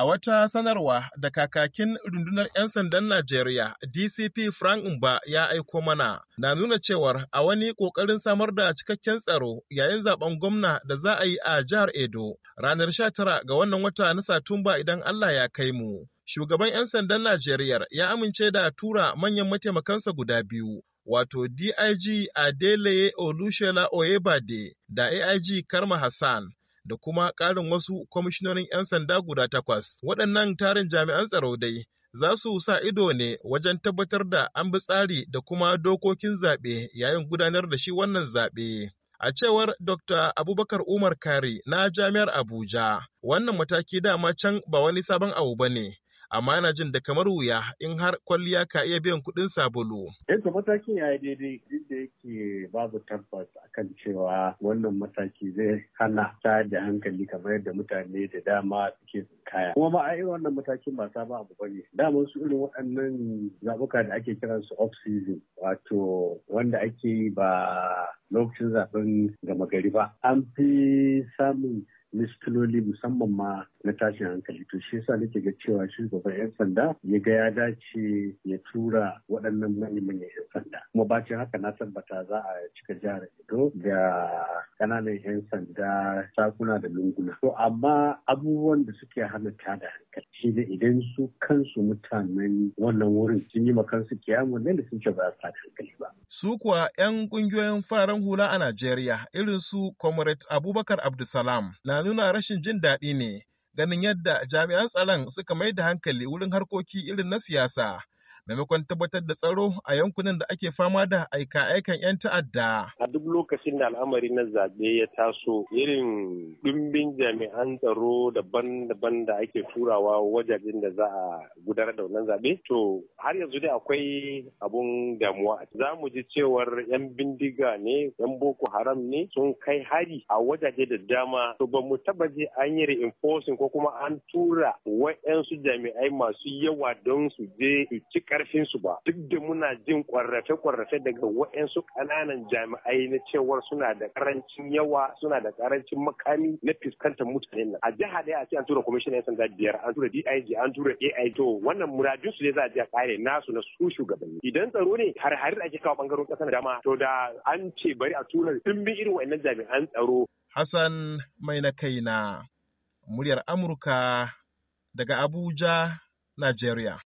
A wata sanarwa da kakakin rundunar 'yan sandan Najeriya DCP Frank Mba ya aiko mana na nuna cewar a wani ƙoƙarin samar da cikakken tsaro yayin zaben gwamna da za a yi a jihar Edo ranar 19 ga wannan wata na Satumba idan Allah ya kai mu. Shugaban 'yan sandan Najeriya ya amince da tura manyan mataimakansa guda biyu. Wato DIG Adeleye olushela Oyebade da AIG Karma Hassan da kuma ƙarin wasu kwamishinonin 'yan sanda guda takwas. Waɗannan tarin jami'an tsaro dai za su sa ido ne wajen tabbatar da an bi tsari da kuma dokokin zaɓe yayin gudanar da shi wannan zaɓe. A cewar Dr. Abubakar Umar Kari na Jami'ar Abuja, wannan mataki dama can ba wani sabon abu ba ne, amma yana jin da kamar wuya in har kwalliya ka iya biyan kuɗin sabulu. Yadda eh matakin ya yi daidai duk da yake babu tabbas a kan cewa wannan mataki zai hana ta da hankali kamar yadda mutane da dama suke kaya. Kuma ma a irin wannan matakin ba sabon abu ba ne. Daman su irin waɗannan zaɓuka da ake kiransu off season wato wanda ake yi ba lokacin zaben gama gari ba an fi samun mistiloli musamman ma na tashin hankali to shi yasa nake ga cewa shi shugaban yan sanda ya ga ya dace ya tura waɗannan manyan manyan yan sanda kuma bacin haka na tabbata za a cika jihar Edo ga. kananan 'yan sanda sakuna da lunguna. To amma abubuwan da suke hana tada hankali shi ne idan su kansu mutanen wannan wurin sun yi makansu kiyamu ne da sun ce ba sa hankali ba. Su kuwa 'yan ƙungiyoyin faran hula a Najeriya irin su Comrade Abubakar Abdulsalam na nuna rashin jin daɗi ne ganin yadda jami'an tsaron suka mai da hankali wurin harkoki irin na siyasa maimakon tabbatar da tsaro a yankunan da ake fama da aika-aikan 'yan ta'adda. A duk lokacin da al'amari na zaɓe ya taso irin ɗimbin jami'an tsaro daban-daban da ake turawa wajajen da za a gudanar da wannan zaɓe. To har yanzu dai akwai abun damuwa. Za mu ji cewar 'yan bindiga ne, 'yan Boko Haram ne sun kai hari a wajaje da dama. To ba mu taɓa je an yi reinforcing ko kuma an tura wa'yansu jami'ai masu yawa don su je su cika karfin su ba duk da muna jin kwarrafe kwarrafe daga waɗansu ƙananan jami'ai na cewar suna da karancin yawa suna da karancin makami na fuskantar mutane nan a jiha ɗaya a ce an tura kwamishin yan sanda biyar an tura dig an tura ai to wannan muradun su ne za a je a kare nasu na su shugabanni idan tsaro ne har har ake kawo bangaren ƙasar dama to da an ce bari a tura dimbin irin waɗannan jami'an tsaro Hassan mai na kaina muryar Amurka daga Abuja, Najeriya.